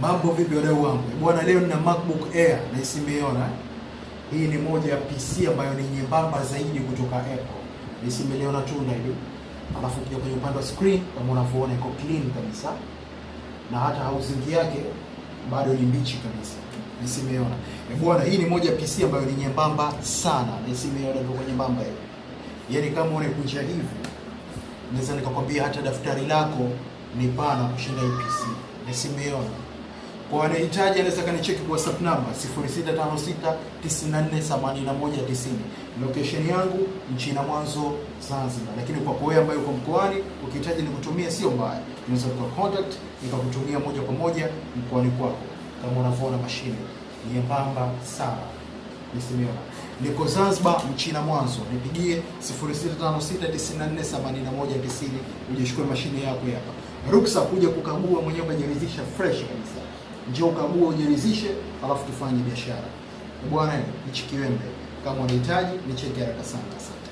Mambo vipi wadau wangu? Bwana, leo nina MacBook Air na simeona. Hii ni moja ya PC ambayo ni nyembamba zaidi kutoka Apple. Ni Nisimeiona tunda hili. Alafu ukija kwenye upande wa screen kama unavyoona iko clean kabisa. Na hata housing yake bado ni mbichi kabisa. Ni simeona. E eh, bwana, hii ni moja ya PC ambayo ni nyembamba sana. Ni simeona ndio kwenye nyembamba hiyo. Yaani kama unakunja hivi, naweza nikakwambia hata daftari lako ni pana kushinda hii PC. Ni simeona. Kwa wanahitaji anaweza kanicheki kwa WhatsApp namba 0656948190. Location yangu Mchina Mwanzo Zanzibar, lakini kwa wewe ambaye uko mkoani ukihitaji nikutumie sio mbaya, unaweza kwa contact nikakutumia moja kwa moja mkoani kwako. Kama unavyoona mashine nyembamba sana, nisimio niko Zanzibar Mchina Mwanzo, nipigie 0656948190 ujichukue mashine yako hapa, ruksa kuja kukagua mwenyewe, unajiridhisha fresh kabisa njoo kague ujirizishe, alafu tufanye biashara bwana. Ni Chikiwembe, kama unahitaji nicheki haraka sana.